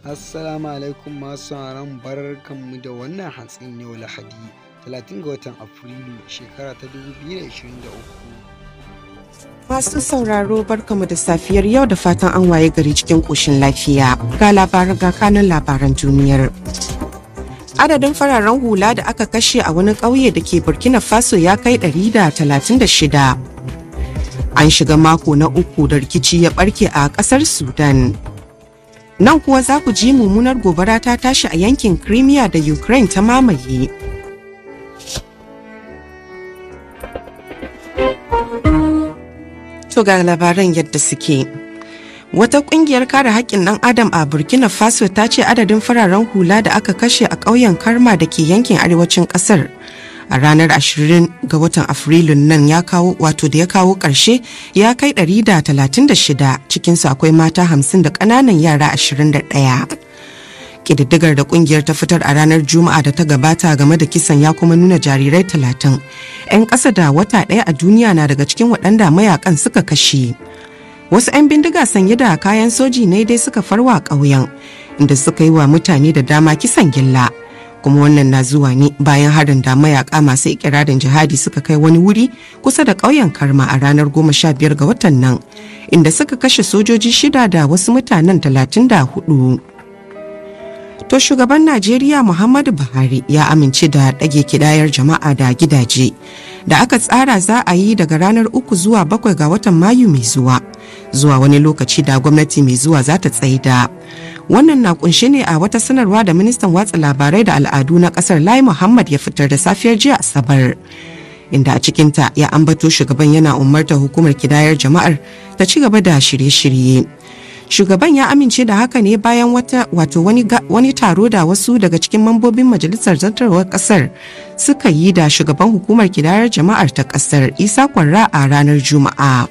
Assalamu alaikum masu ran barkanmu da wannan hantsin yau Lahadi 30 ga watan Afrilu shekara ta 2023. Masu sauraro mu da safiyar yau da fatan an waye gari cikin koshin lafiya ga labaran ga kanun labaran duniyar. Adadin fararen hula da aka kashe a wani ƙauye da ke Burkina Faso ya kai 136. An shiga mako na uku da rikici ya barke a ƙasar Sudan. nan kuwa za ku ji mummunar gobara ta tashi a yankin crimea da ukraine ta mamaye to ga labaran yadda suke wata kungiyar kare haƙƙin ɗan adam a burkina faso ta ce adadin fararen hula da aka kashe a ƙauyen karma da ke yankin arewacin ƙasar a ranar 20 ga watan Afrilun nan ya kawo wato da ya kawo ƙarshe ya kai 136 cikinsu akwai mata 50 da ƙananan yara 21. kididdigar da kungiyar ta fitar a ranar juma'a da ta gabata game da kisan ya kuma nuna jarirai talatin 'yan ƙasa da wata ɗaya a duniya na daga cikin waɗanda mayakan suka kashe wasu 'yan bindiga sanye da kayan soji ne dai suka farwa ƙauyen inda suka yi wa mutane da dama kisan gilla kuma wannan na zuwa ne bayan harin da mayaka masu ikirarin jihadi suka kai wani wuri kusa da ƙauyen karma a ranar goma sha biyar ga watan nan inda suka kashe sojoji shida da wasu mutanen talatin da 34 to shugaban najeriya muhammadu buhari ya amince da ɗage kidayar jama'a da gidaje da aka tsara za a yi daga ranar uku zuwa bakwai ga watan mayu mai zuwa zuwa wani lokaci da gwamnati mai zuwa za ta tsaida wannan na kunshe ne a wata sanarwa da ministan watsa labarai da al'adu na kasar lai muhammad ya fitar da safiyar jiya sabar inda a cikinta ya ambato shugaban yana umartar hukumar kidayar jama'ar ta ci gaba da shirye-shirye shugaban ya amince da haka ne bayan wata wato wani, wani taro da wasu daga cikin mambobin majalisar zartarwar kasar suka yi da shugaban hukumar kidayar jama'ar ta kasar isa kwarra a ranar juma'a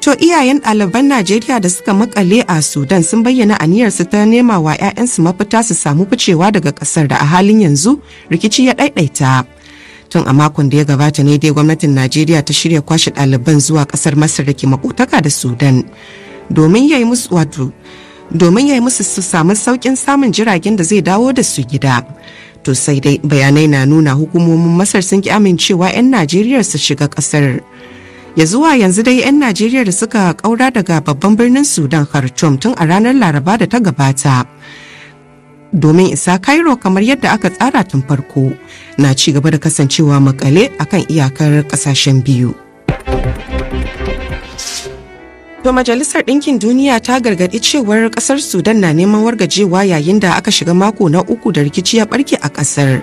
To iyayen ɗaliban Najeriya da suka makale a Sudan sun bayyana aniyarsu ta nema wa 'ya'yansu mafita su samu ficewa daga ƙasar da a halin yanzu rikici ya ɗaiɗaita. Tun a makon da ya gabata ne dai gwamnatin Najeriya ta shirya kwashe ɗaliban zuwa ƙasar Masar da ke makotaka da Sudan. Domin ya yi musu wato domin ya yi musu su samu sauƙin samun jiragen da zai dawo da su gida. To sai dai bayanai na nuna hukumomin Masar sun ki amincewa 'yan Najeriya su shiga ƙasar. ya zuwa yanzu dai 'yan najeriya da suka kaura daga babban birnin sudan khartoum tun a ranar laraba da ta gabata domin isa cairo kamar yadda aka tsara tun farko na ci gaba da kasancewa makale akan iyakar kasashen biyu To Majalisar Ɗinkin Duniya ta gargaɗi cewar ƙasar Sudan na neman wargajewa yayin da aka shiga mako na uku da rikici ya ɓarke a ƙasar.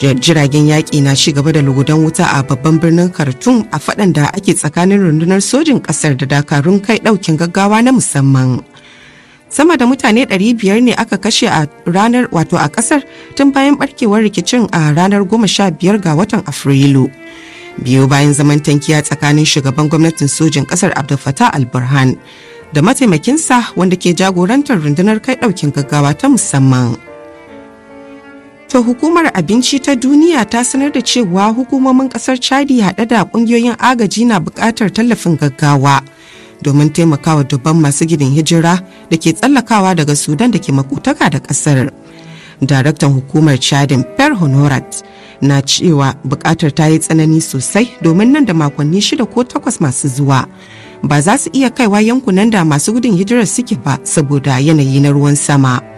jiragen yaƙi na ci gaba da lugudan wuta a babban birnin khartoum a faɗan da ake tsakanin rundunar sojin ƙasar da dakarun kai ɗaukin gaggawa na musamman sama da mutane 500 ne aka kashe a ranar wato a ƙasar tun bayan barkewar rikicin a ranar 15 ga watan afrilu biyu bayan zaman tankiya tsakanin shugaban gwamnatin sojin ƙasar abdul da mataimakinsa wanda ke jagorantar rundunar kai ɗaukin gaggawa ta musamman. To hukumar abinci ta duniya ta sanar da cewa hukumomin kasar Chadi haɗe da ƙungiyoyin agaji na bukatar tallafin gaggawa domin taimakawa dubban masu gidin hijira da ke tsallakawa daga Sudan da ke makotaka da ƙasar. Daraktan hukumar Chadin Per Honorat na cewa bukatar ta yi tsanani sosai domin nan da makonni shida ko takwas masu zuwa. Ba za su iya kaiwa yankunan da masu gudun hijirar suke ba saboda yanayi na ruwan sama.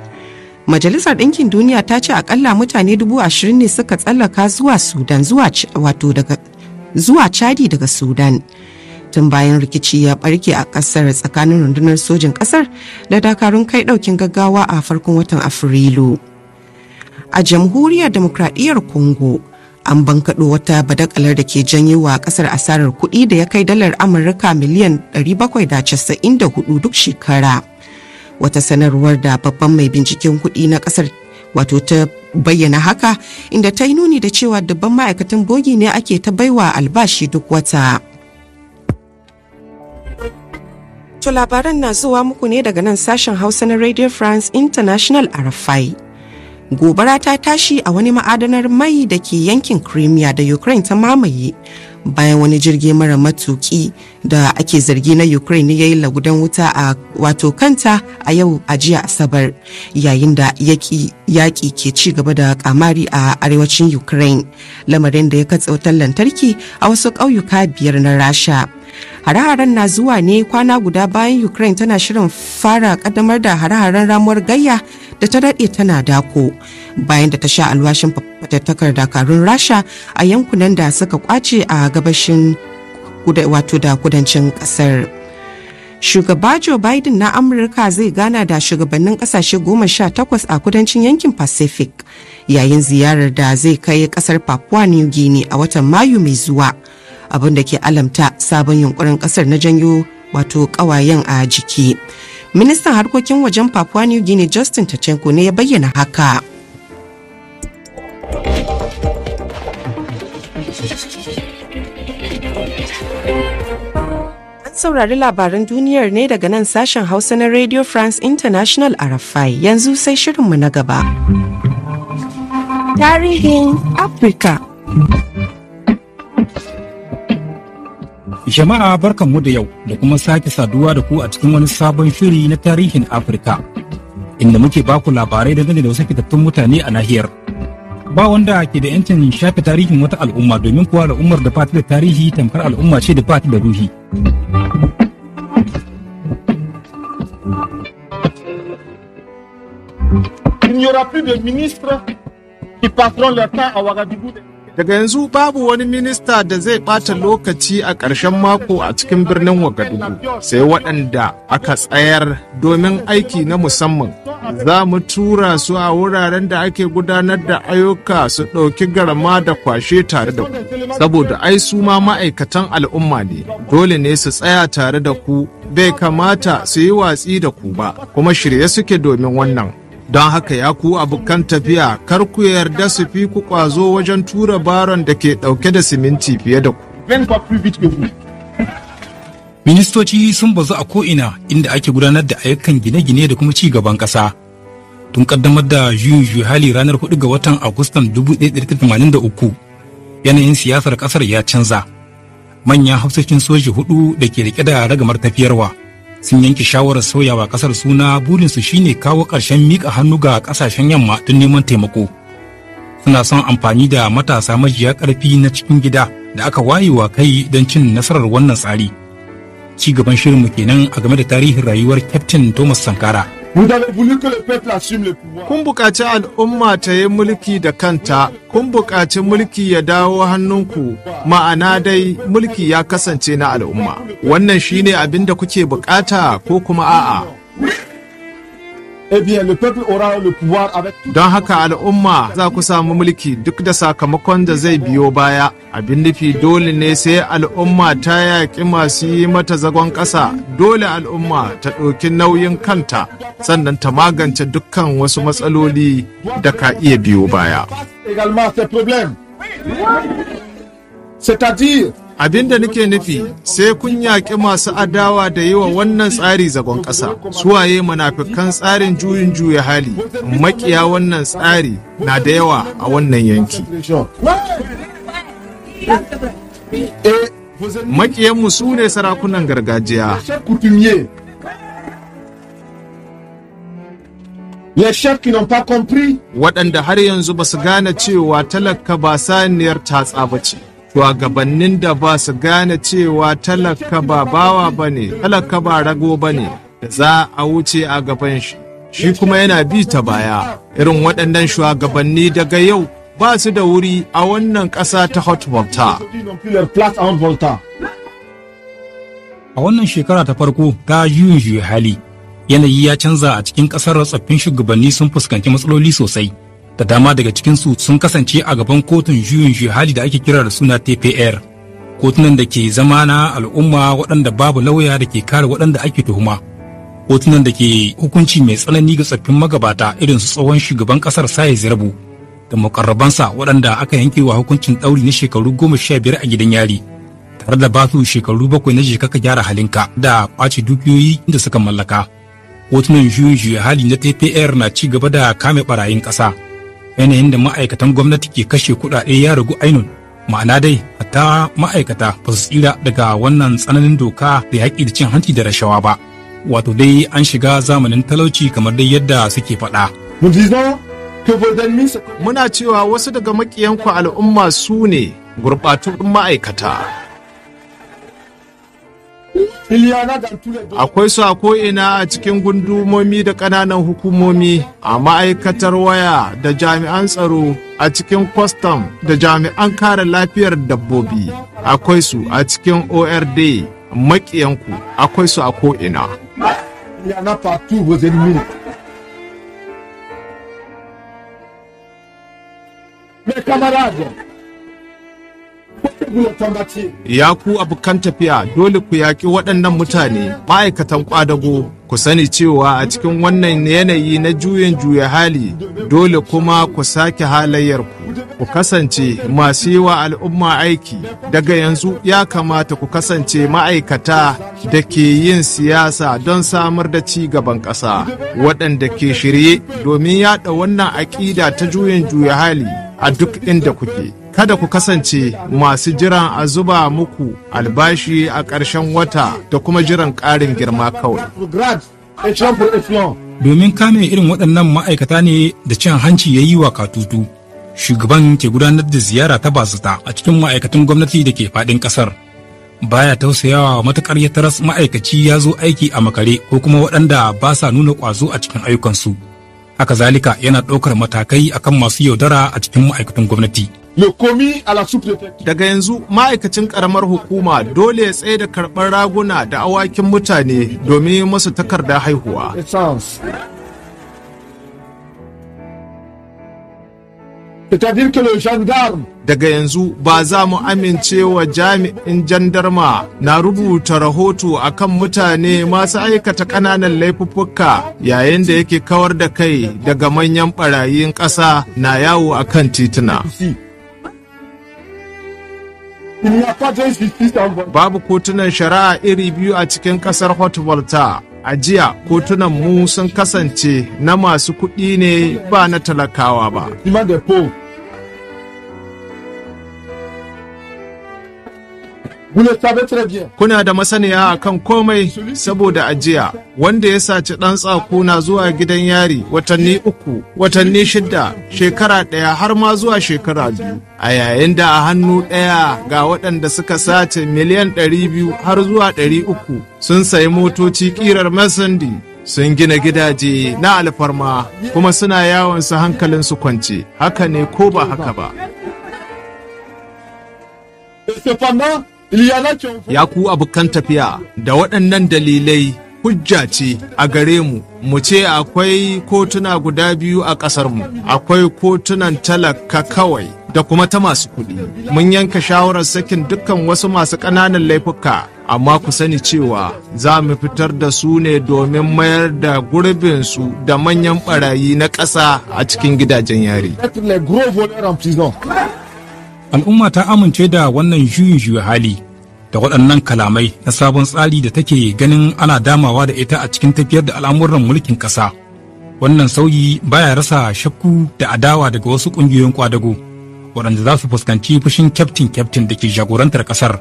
majalisar ɗinkin duniya ta ce akalla mutane dubu ashirin ne suka tsallaka zuwa sudan zuwa wato zuwa chadi daga sudan tun bayan rikici ya ɓarke a ƙasar tsakanin rundunar sojin ƙasar da dakarun kai ɗaukin gaggawa a farkon watan afrilu a jamhuriyar demokradiyyar congo an bankaɗo wata badakalar da ke janye wa ƙasar asarar kuɗi da ya kai dalar amurka miliyan 794 duk shekara wata sanarwar da babban mai binciken kuɗi na ƙasar wato ta bayyana haka inda ta yi nuni da cewa dubban ma'aikatan bogi ne ake ta baiwa albashi duk wata. To labaran na zuwa muku ne daga nan sashen Hausa na Radio France International a Rafai. gobara ta tashi a wani ma'adanar mai da ke yankin crimea da ukraine ta mamaye bayan wani jirgi mara matuki da ake zargi na ukraine ya yi lagudan wuta a wato kanta a yau a jiya asabar yayin da yaƙi ke ci gaba da kamari a arewacin ukraine lamarin da ya katsa wutar lantarki a wasu ƙauyuka biyar na rasha hare-haren na zuwa ne kwana guda bayan ukraine tana shirin fara kaddamar da hare-haren ramuwar gayya da ta daɗe tana dako bayan da ta sha alwashin fatattakar dakarun rasha a yankunan da suka kwace a gabashin wato da kudancin ƙasar shugaba joe biden na amurka zai gana da shugabannin ƙasashe goma sha takwas a kudancin yankin pacific yayin ziyarar da zai kai ƙasar papua new guinea a watan mayu mai zuwa abin da ke alamta sabon yunkurin kasar na janyo wato kawayen a jiki ministan harkokin wajen papua new guinea justin tachenko ne ya bayyana haka saurari labaran duniyar ne daga nan sashen hausa na radio france international a rafai yanzu sai shirinmu na gaba tarihin afirka Jama'a barkanmu da yau da kuma sake saduwa da ku a cikin wani sabon shiri na tarihin Afirka, inda muke baku labarai dangane da wasu fitattun mutane a nahiyar. Ba wanda ke da ‘yancin shafe tarihin wata al'umma domin kuwa al'ummar da fata da tarihi tamkar al'umma ce da fata da ruhi. Il n'y aura plus de ministres qui passeront leur temps à Ouagadougou. Daga yanzu babu wani minista da zai ɓata lokaci a ƙarshen mako a cikin birnin Wagadugu sai waɗanda aka tsayar domin aiki na musamman. Za mu tura su a wuraren da ake gudanar da ayyuka su ɗauki garma da kwashe tare da ku. Saboda ai su ma ma'aikatan al'umma ne, dole ne su tsaya tare da ku bai kamata su yi watsi da ku ba, kuma shirye suke domin wannan. don haka ya ku abokan tafiya kar ku yarda su fi ku kwazo wajen tura baron da ke dauke da siminti fiye da ku. Ministoci sun bazu a ko'ina inda ake gudanar da ayyukan gine-gine da kuma ci gaban ƙasa. Tun kaddamar da Yun hali ranar 4 ga watan Agustan 1983 yanayin siyasar ƙasar ya canza. Manyan hafsoshin soji hudu da ke rike da ragamar tafiyarwa. sun yanke shawarar sauyawa kasar suna burinsu shine kawo ƙarshen miƙa hannu ga ƙasashen yamma don neman taimako suna son amfani da matasa majiya ƙarfi na cikin gida da aka wayewa kai don cin nasarar wannan tsari ci gaban shirin shirinmu kenan a game da tarihin rayuwar kyaftin thomas sankara Kun buƙaci al'umma ta yi mulki da kanta, kun buƙaci mulki ya dawo hannunku, ma'ana dai mulki ya kasance na al'umma. Wannan shine abin da kuke buƙata ko kuma a'a. Eh Don haka al'umma za ku samu mulki duk da sakamakon da zai biyo baya, abin nufi dole ne sai al'umma ta yaƙi masu yi mata zagon ƙasa, dole al'umma ta ɗauki nauyin kanta sannan ta magance dukkan wasu matsaloli da ka iya biyo baya. cest abin da nake nufi sai kun yaƙi masu adawa da yi wa wannan tsari zagon ƙasa suwaye munafikan tsarin juyin juya hali makiya wannan tsari na da yawa a wannan yanki makiyanmu su ne sarakunan gargajiya waɗanda har yanzu ba su gane cewa talaka ba saniyar tatsa ba ce shugabannin da ba su gane cewa talaka ba bawa ba ne talaka ba rago ba ne da za a wuce a gaban shi shi kuma yana bi ta baya irin waɗannan shugabanni daga yau ba su da wuri a wannan ƙasa ta hot volta a wannan shekara ta farko ga juyin juyi hali yanayi ya canza a cikin ƙasar tsoffin shugabanni sun fuskanci matsaloli sosai da dama daga cikinsu sun kasance a gaban kotun juyin hali da ake kira da suna tpr kotunan da ke zama na al'umma waɗanda babu lauya da ke kare waɗanda ake tuhuma kotunan da ke hukunci mai tsanani ga tsaffin magabata irin su tsohon shugaban ƙasar saye zirabu da mukarrabansa waɗanda aka yanke wa hukuncin ɗauri na shekaru goma sha biyar a gidan yari tare da basu shekaru bakwai na jeka ka gyara halinka da ƙwace dukiyoyi da suka mallaka kotunan juyin hali na tpr na ci gaba da kame ɓarayin ƙasa yanayin da ma'aikatan gwamnati ke kashe kuɗaɗe ya ragu ainun ma'ana dai hatta ma'aikata ba su tsira daga wannan tsananin doka da yaƙi da cin hanci da rashawa ba wato dai an shiga zamanin talauci kamar dai yadda suke faɗa. Muna cewa wasu daga maƙiyanku al'umma su ne gurɓatattun ma'aikata. Akwai su a ko'ina a cikin gundumomi da ƙananan hukumomi, a ma'aikatar waya da jami'an tsaro, a cikin kwastam da jami'an kare lafiyar dabbobi. Akwai su a cikin ORD maƙiyanku, akwai su a ko'ina. Ya ku abokan tafiya dole ku yaƙi waɗannan mutane ma'aikatan ƙwadago ku sani cewa a cikin wannan yanayi na juyin juya hali dole kuma ku sake halayyarku. Ku kasance masu yi wa al'umma aiki daga yanzu ya kamata ku kasance ma'aikata da ke yin siyasa don samar da ci gaban ƙasa waɗanda ke shirye domin yaɗa wannan aƙida ta juyin juya hali a duk inda kuke. kada ku kasance masu jiran a zuba muku albashi a ƙarshen wata da kuma jiran ƙarin girma kawai. Domin kame irin waɗannan ma'aikata ne da cin hanci ya yi wa katutu, shugaban ke gudanar da ziyara ta bazata a cikin ma'aikatan gwamnati da ke faɗin ƙasar. Baya tausayawa matuƙar ya taras ma'aikaci ya zo aiki a makare ko kuma waɗanda ba sa nuna ƙwazo a cikin ayyukansu. Haka zalika yana ɗaukar matakai akan masu yaudara a cikin ma'aikatan gwamnati. Daga yanzu ma'aikacin karamar hukuma dole ya tsaye da karɓar raguna da awakin mutane domin masu takarda haihuwa. Daga yanzu ba za mu amince wa jami'in jandarma na rubuta rahoto akan mutane masu aikata ƙananan laifuffuka yayin da yake kawar da kai daga manyan barayin ƙasa na yawo akan tituna. Babu kotunan shari'a iri biyu a cikin ƙasar Hot Volta. A jiya kotunan mu sun kasance na masu kuɗi ne ba na talakawa ba. Kuna da masaniya a kan komai saboda ajiya, wanda ya saci ɗan na zuwa gidan yari watanni uku, watanni shida, shekara ɗaya har ma zuwa shekara biyu. A yayin da a hannu ɗaya ga waɗanda suka sace miliyan ɗari biyu har zuwa ɗari uku sun sayi motoci ƙirar masandi Sun gina gidaje na alfarma kuma suna yawon su hankalin su kwance, haka ne ko ba haka ba. Ya ku abokan tafiya da waɗannan dalilai hujja ce a gare mu mu ce akwai kotuna guda biyu a ƙasar mu akwai kotunan talaka kawai da kuma ta masu kuɗi mun yanka shawarar sakin dukkan wasu masu ƙananan laifuka amma ku sani cewa za mu fitar da su ne domin mayar da gurbinsu da manyan barayi na ƙasa a cikin gidajen yari al'umma ta amince da wannan juyin juya hali da waɗannan kalamai na sabon tsari da take ganin ana damawa da ita a cikin tafiyar da al'amuran mulkin ƙasa wannan sauyi baya rasa shakku da adawa daga wasu ƙungiyoyin kwadago waɗanda za su fuskanci fushin kyaftin kyaftin da ke jagorantar ƙasar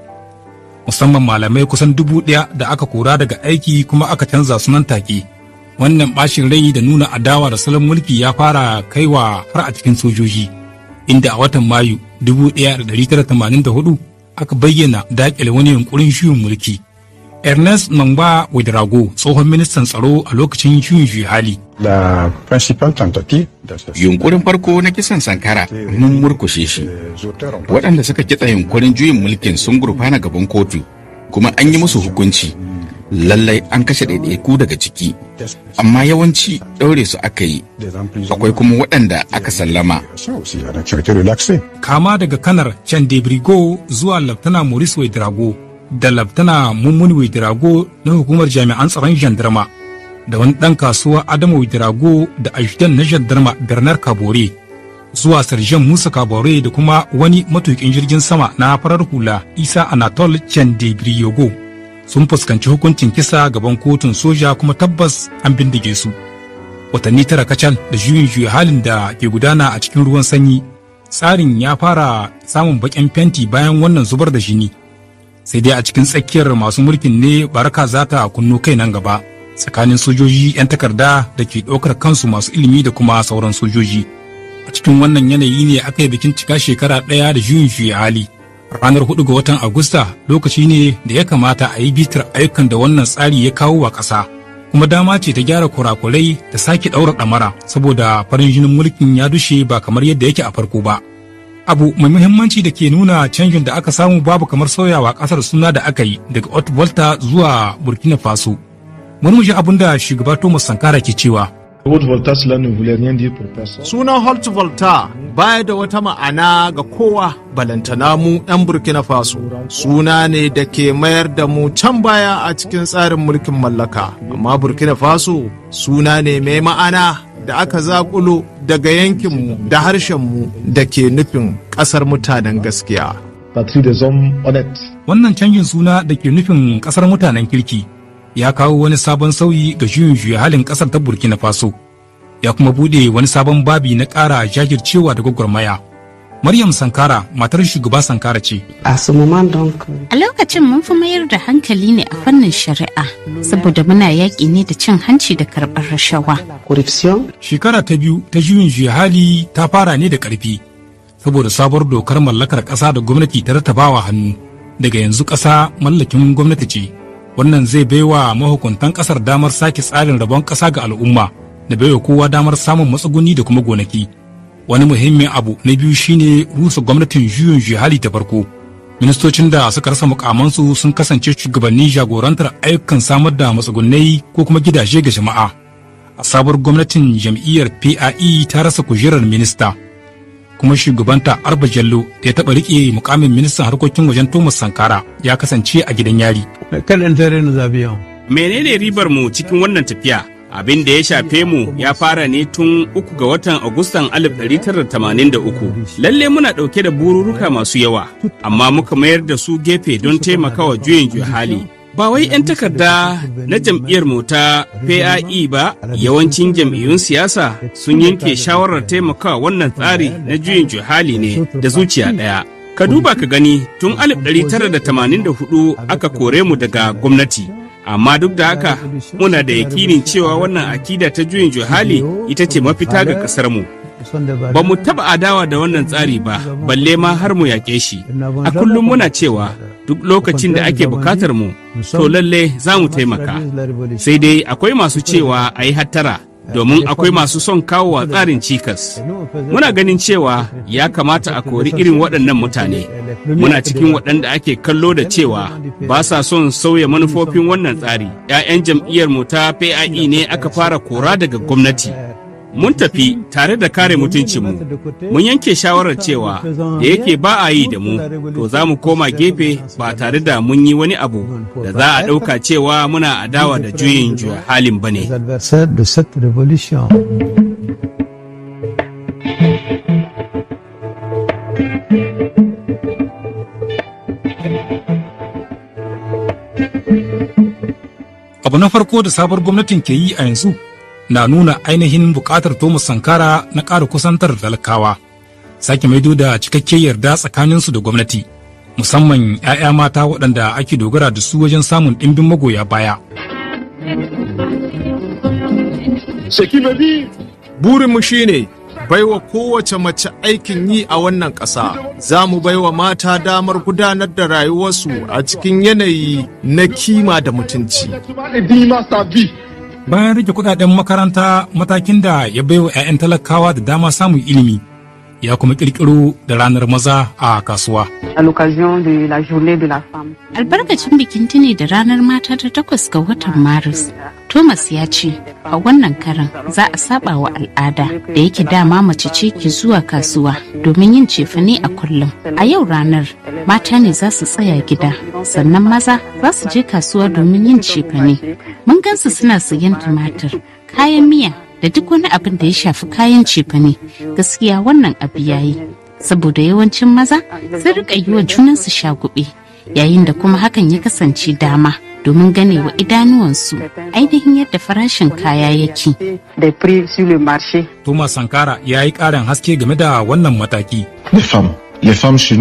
musamman malamai kusan dubu ɗaya da aka kora daga aiki kuma aka canza su nan take wannan ɓashin rai da nuna adawa da salon mulki ya fara kaiwa har a cikin sojoji. inda a watan Mayu 1984 aka bayyana dakile wani yunkurin shiyun mulki. Ernest Mangba Wadrago tsohon ministan tsaro a lokacin juyin hali. Yunkurin farko na kisan Sankara mun murkushe shi. Waɗanda suka kitsa yunkurin juyin mulkin sun gurfana gaban kotu kuma an yi musu hukunci. lallai an kashe ɗaiɗaiku daga ciki amma yawanci ɗaure su aka yi akwai kuma waɗanda aka sallama kama daga kanar can debrigo zuwa laftana maurice wedrago da laftana mummuni wedrago na hukumar jami'an tsaron jandarma da wani ɗan kasuwa adamu wedrago da ajidan na jandarma bernard kabore zuwa sarjan musa kabore da kuma wani matukin jirgin sama na farar hula isa anatol can debrigo sun fuskanci hukuncin kisa gaban kotun soja kuma tabbas an bindige su watanni tara kacal da juyin juya halin da ke gudana a cikin ruwan sanyi tsarin ya fara samun baƙin fenti bayan wannan zubar da jini sai dai a cikin tsakiyar masu mulkin ne baraka za ta kunno kai nan gaba tsakanin sojoji 'yan takarda da ke ɗaukar kansu masu ilimi da kuma sauran sojoji a cikin wannan yanayi ne aka yi bikin cika shekara ɗaya da juyin juya hali ranar 4 ga watan Agusta lokaci ne da ya kamata a yi bitar ayyukan da wannan tsari ya kawo wa ƙasa. Kuma dama ce ta gyara kurakurai da sake ɗaura ɗamara saboda farin jinin mulkin ya dushe ba kamar yadda yake a farko ba. Abu mai muhimmanci da ke nuna canjin da aka samu babu kamar sauyawa ƙasar suna da aka yi daga Otvolta zuwa Burkina Faso. murmushi mu abin da shugaba Thomas Sankara ke cewa Sunan Holt Volta baya da wata ma'ana ga kowa balantana mu 'yan Burkina Faso. Suna ne da ke mayar da mu can baya a cikin tsarin mulkin mallaka. Amma Burkina Faso suna ne mai ma'ana da aka zaƙulo daga yankinmu da harshenmu da ke nufin ƙasar mutanen gaskiya. Wannan canjin suna da ke nufin ƙasar mutanen kirki. ya kawo wani sabon sauyi ga juyin juya halin ƙasar ta burkina faso ya kuma buɗe wani sabon babi na ƙara jajircewa da gwagwarmaya maryam sankara matar shugaba sankara ce a lokacin mun fi mayar da hankali ne a fannin shari'a saboda muna yaƙi ne da cin hanci da karɓar rashawa shekara ta biyu ta juyin juya hali ta fara ne da ƙarfi saboda sabuwar dokar mallakar ƙasa da gwamnati ta rattabawa hannu daga yanzu ƙasa mallakin gwamnati ce wannan zai baiwa mahukuntan kasar damar sake tsarin rabon kasa ga al'umma da baiwa kowa damar samun matsuguni da kuma gonaki wani muhimmin abu na biyu shine rusa gwamnatin juyin jihali ta farko ministocin da suka rasa mukamansu sun kasance shugabannin jagorantar ayyukan samar da matsugunai ko kuma gidaje ga jama'a a sabuwar gwamnatin jam'iyyar pae ta rasa kujerar minista kuma shugabanta Arba Jallo da ya taɓa riƙe mukamin ministan harkokin wajen Thomas Sankara ya kasance a gidan yari. Menene ribar mu cikin wannan tafiya? Abin da ya shafe mu ya fara ne tun uku ga watan Agustan 1983. Lalle muna ɗauke da bururuka masu yawa, amma muka mayar da su gefe don taimakawa juyin juya hali. Ba wai 'yan takarda na jam'iyyar mu ta PAE ba yawancin jam'iyyun siyasa sun yanke shawarar taimakawa wannan tsari na juyin juhali ne da zuciya ɗaya. Ka duba ka gani tun 1984 aka kore mu daga gwamnati. amma duk da haka muna da yakinin cewa wannan akida ta juyin juhali ita ce mafita ga ƙasarmu. mu ba mu taɓa adawa da wannan tsari ba balle ma har mu yaƙe shi a kullum muna cewa duk lokacin da ake bukatar mu to lalle za mu taimaka sai dai akwai masu cewa a yi hattara domin akwai masu son kawo wa tsarin cikas muna ganin cewa ya kamata a kori irin waɗannan mutane muna cikin waɗanda ake kallo da cewa ba sa son sauya manufofin wannan tsari 'ya'yan jam'iyyar mu ta pai e ne aka fara kora daga gwamnati mun tafi tare da kare mutuncinmu mun yanke shawarar cewa da yake ba a yi da mu to za mu koma gefe ba tare da mun yi wani abu da za a ɗauka cewa muna adawa da juyin juya halin ba ne abu na farko da sabar gwamnatin ke yi a yanzu na nuna ainihin buƙatar Thomas Sankara na ƙara kusantar talakawa, sake maido da cikakke yarda tsakaninsu da gwamnati, musamman 'ya'ya mata waɗanda ake dogara da su wajen samun ɗimbin magoya baya. Burinmu shi ne baiwa kowace mace aikin yi a wannan ƙasa, za mu baiwa mata damar gudanar da rayuwarsu a cikin yanayi na kima da mutunci. bayan rike kudaden makaranta matakin da ya baiwa 'ya'yan talakawa da dama samun ilimi ya kuma kirkiro da ranar maza a kasuwa. Albarkacin bikin tuni da ranar mata ta takwas ga watan Maris, Thomas ya ce, a wannan karan za a saba wa al'ada da yake dama mace ce ke zuwa kasuwa domin yin cefane a kullum. A yau ranar mata ne za su tsaya gida, sannan maza za su je kasuwa domin yin cefane. Mun gansu suna sayen tumatir, kayan miya, da duk wani abin da ya shafi kayan cefane gaskiya wannan abu yayi saboda yawancin maza sun rika yi wa junansu shagube yayin da kuma hakan ya kasance dama domin gane wa idanuwansu ainihin yadda farashin kaya yake. Thomas Sankara ya yi ƙarin haske game da wannan mataki. chez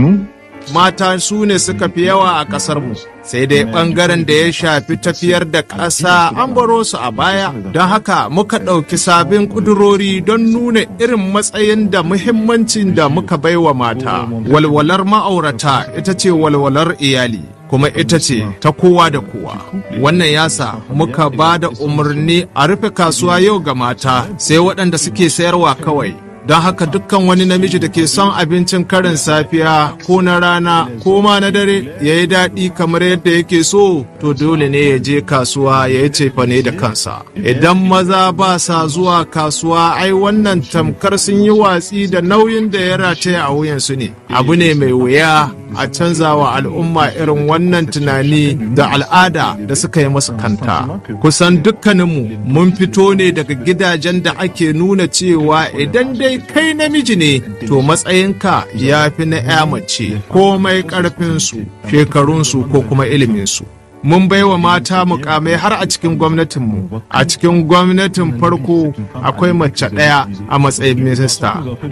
mata su ne suka fi yawa a ƙasarmu sai dai ɓangaren da ya shafi tafiyar da ƙasa an baro su a baya don haka muka ɗauki sabbin ƙudurori don nuna irin matsayin da muhimmancin da muka bai wa mata walwalar ma'aurata ita ce walwalar iyali kuma ita ce ta kowa da kowa wannan yasa muka ba da umarni a rufe kasuwa yau ga mata sai waɗanda suke sayarwa kawai don haka dukkan wani namiji da ke son abincin karin safiya ko na rana ko ma na dare ya yi daɗi kamar yadda yake so to dole ne ya je kasuwa ya yi cefane da kansa idan maza ba sa zuwa kasuwa ai wannan tamkar sun yi watsi da nauyin da ya rataya a wuyansu ne abu ne mai wuya a canzawa al'umma irin wannan tunani da al'ada da suka yi masu kanta kusan dukkaninmu mun fito ne daga gidajen da ake nuna cewa idan dai kai namiji ne to matsayinka ya fi na 'ya mace komai ƙarfinsu shekarunsu ko kuma iliminsu mun baiwa mata mukamai har a cikin gwamnatinmu a cikin gwamnatin farko akwai mace ɗaya a matsayin minista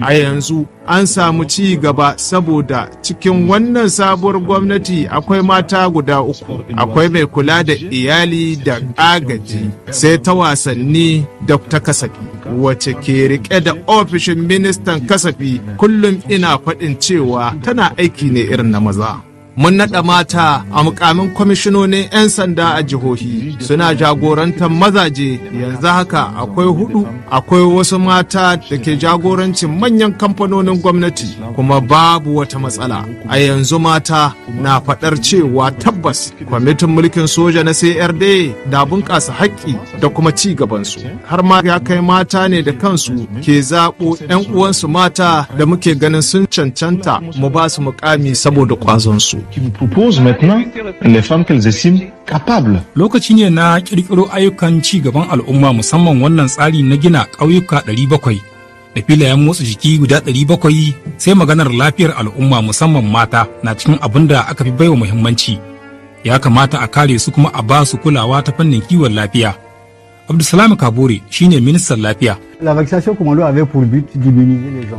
a yanzu an samu ci gaba saboda cikin wannan sabuwar gwamnati akwai mata guda uku akwai mai kula da iyali da agaji sai ta wasanni da ta kasafi wace ke rike da ofishin ministan kasafi kullum ina faɗin cewa tana aiki ne irin na maza mun naɗa mata a mukamin kwamishinonin 'yan sanda a jihohi suna jagorantar mazaje yanzu haka akwai hudu akwai wasu mata da ke jagorancin manyan kamfanonin gwamnati kuma babu wata matsala a yanzu mata na faɗar cewa tabbas kwamitin mulkin soja na crd da bunƙasa haƙƙi da kuma ci gabansu har ma ya kai mata ne da kansu ke zaɓo 'yan uwansu mata da muke ganin sun cancanta mu ba su mukami saboda su. qui vous propose Lokaci ne na kirkiro ayyukan ci gaban al'umma musamman wannan tsari na gina ƙauyuka 700 da filayen motsa jiki guda 700 sai maganar lafiyar al'umma musamman mata na cikin abin da aka fi baiwa muhimmanci. Ya kamata a kare su kuma a ba su kulawa ta fannin kiwon lafiya. Abdulsalam Kabore shine ministan lafiya.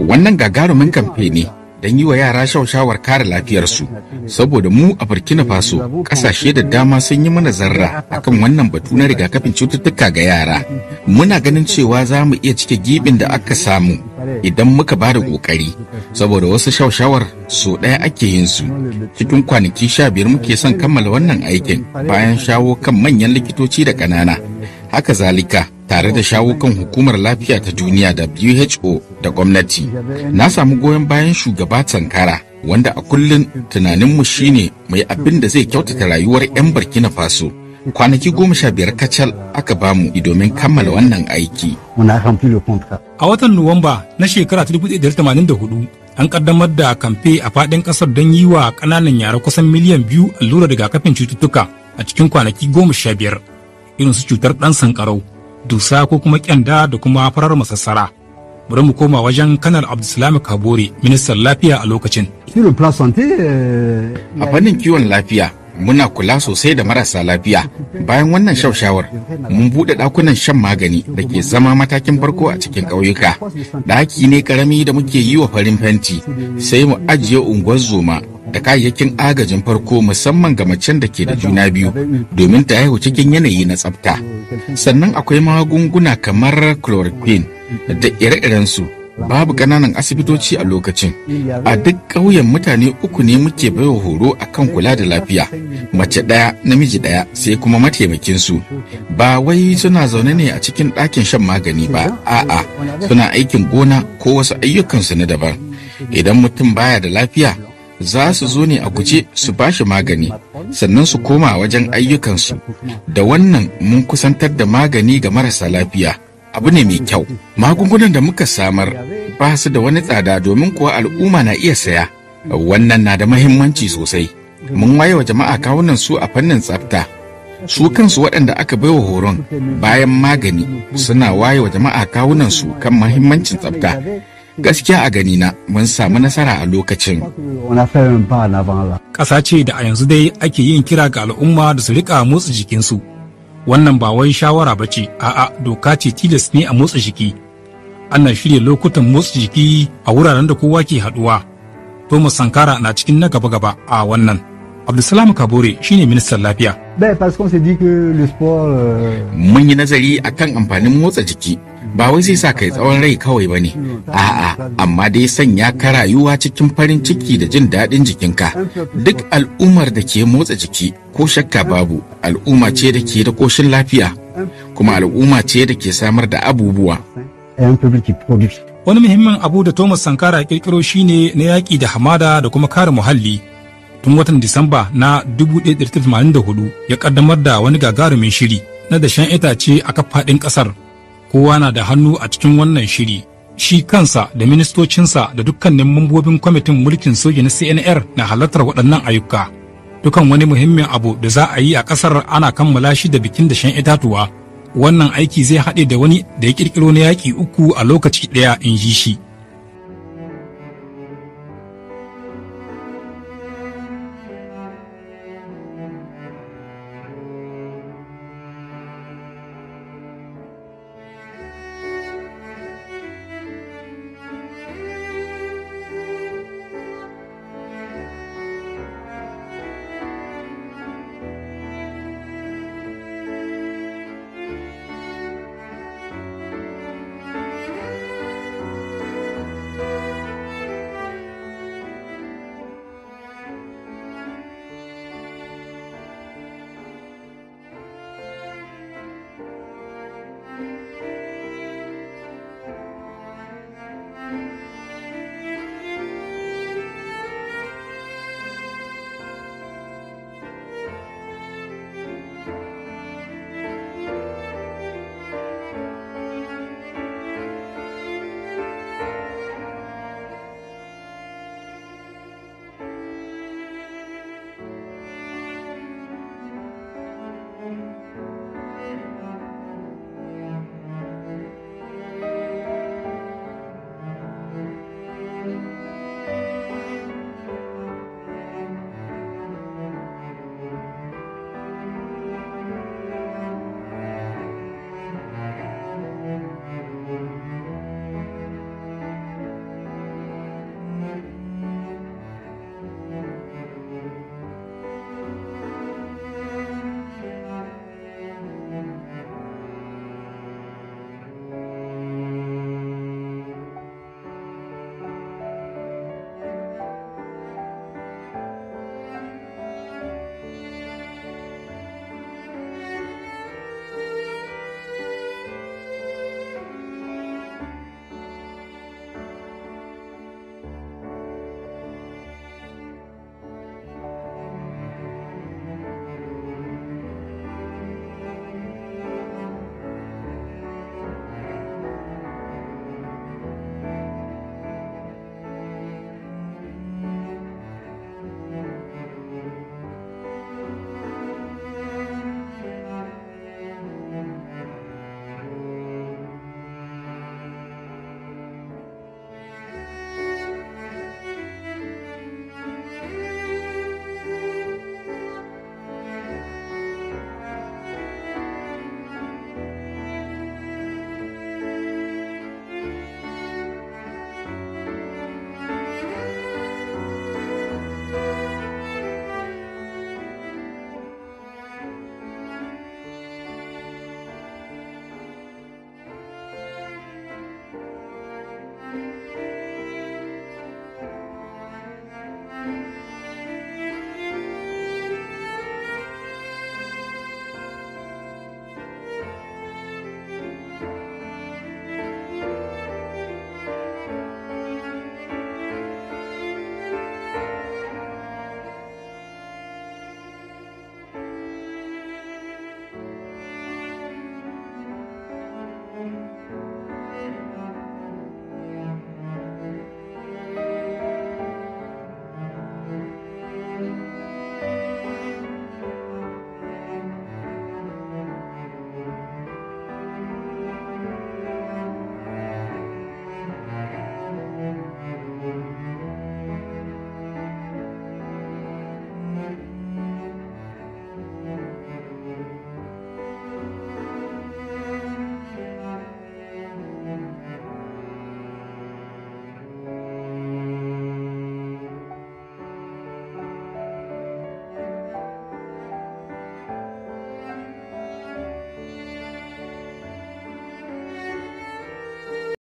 Wannan gagarumin kamfe ne don yi wa yara shawar kare lafiyarsu saboda mu a burkina faso kasashe da dama sun yi mana zarra akan wannan batu na rigakafin cututtuka ga yara muna ganin cewa za mu iya cike gibin da aka samu idan muka ba da ƙoƙari saboda wasu shawar so ɗaya ake yin su cikin kwanaki sha biyar muke son kammala wannan aikin bayan shawo kan manyan likitoci da ƙanana haka zalika tare da shawo kan hukumar lafiya ta duniya da WHO da gwamnati. Na samu goyon bayan shugaba Sankara wanda a kullum tunaninmu shine mai abin da zai kyautata rayuwar 'yan Burkina Faso. Kwanaki goma sha biyar kacal aka ba mu domin kammala wannan aiki. A watan Nuwamba na shekara 1984 an ƙaddamar da kamfe a faɗin ƙasar don yi wa ƙananan yara kusan miliyan biyu allurar rigakafin cututtuka a cikin kwanaki goma sha biyar irin su cutar ɗan sankarau dusa ko kuma kyanda da kuma farar masassara bari mu koma wajen kanar abdulsalam kabore ministan lafiya a lokacin a fannin kiwon lafiya muna kula sosai da marasa lafiya bayan wannan shawar-shawar mun buɗe ɗakunan shan magani da ke zama matakin farko a cikin ƙauyuka ɗaki ne ƙarami da muke yi wa farin fenti sai mu ajiye unguwar zoma da kayayyakin agajin farko musamman ga macen da ke da juna biyu domin ta haihu cikin yanayi na tsafta sannan akwai magunguna kamar chloroquine da ire-irensu babu ƙananan asibitoci a lokacin a duk ƙauyen mutane uku ne muke baiwa horo a kan kula da lafiya mace ɗaya namiji ɗaya sai kuma mataimakinsu ba wai suna zaune ne a cikin ɗakin shan magani ba a'a suna aikin gona ko wasu ayyukansu na daban idan mutum baya da lafiya za su zo ne a guje su ba shi magani sannan su koma wajen ayyukansu da wannan mun kusantar da magani ga marasa lafiya abu ne mai kyau magungunan da muka samar ba su da wani tsada domin kuwa al'umma na iya saya wannan na da mahimmanci sosai mun waye wa jama'a kawunan su a fannin tsafta su kansu waɗanda aka bai wa horon bayan magani suna waye wa jama'a kawunan su kan mahimmancin tsafta gaskiya a ganina mun samu nasara a lokacin. Ƙasa ce da a yanzu dai ake yin kira ga al'umma da su riƙa motsa jikinsu. Wannan ba wai shawara ba ce, a'a doka ce tilas ne a motsa jiki. Ana shirya lokutan motsa jiki a wuraren da kowa ke haɗuwa. Thomas Sankara na cikin na gaba-gaba a wannan. Abdulsalam Kabore shine ministan lafiya. Euh, Mun yi nazari akan amfanin motsa jiki ba wai sai sa kai tsawon rai kawai ba ne a'a amma dai sanya ka rayuwa cikin farin ciki da jin daɗin jikinka duk al'ummar da ke motsa jiki ko shakka babu al'umma ce da ke da koshin lafiya kuma al'umma ce da ke samar da abubuwa wani muhimmin abu da thomas sankara ya kirkiro shine na yaƙi da hamada da kuma kare muhalli tun watan Disamba na 1984 ya kaddamar da wani gagarumin shiri na dashen itace a kafaɗin ƙasar. Kowa na da hannu a cikin wannan shiri. Shi kansa da ministocinsa da dukkanin mambobin kwamitin mulkin soja na CNR na halartar waɗannan ayyuka. Dukan wani muhimmin abu da za a yi a ƙasar ana kammala shi da bikin dashen itatuwa. Wannan aiki zai haɗe da wani da ya ƙirƙiro na yaƙi uku a lokaci ɗaya in ji shi.